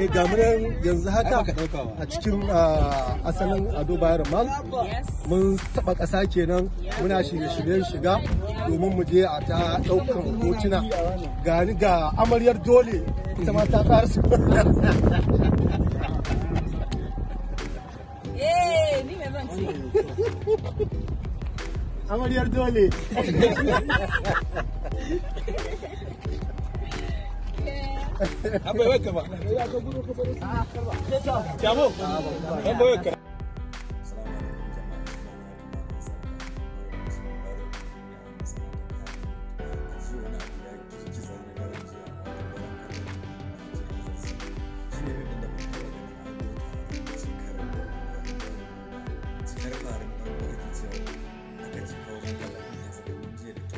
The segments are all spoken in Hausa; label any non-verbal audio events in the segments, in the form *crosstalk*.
Eh, ga munan yanzu haka a cikin ah, asalin ado bayar mal mun taba kasa kenan muna shirye-shiryen shiga domin mu je a ta daukan hotuna ga ni ga amaryar dole ita ma ta ƙara su *laughs* eh, amaryar dole *laughs* Çabuk. Ben böyle kıvam. Thank you.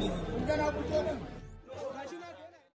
anything.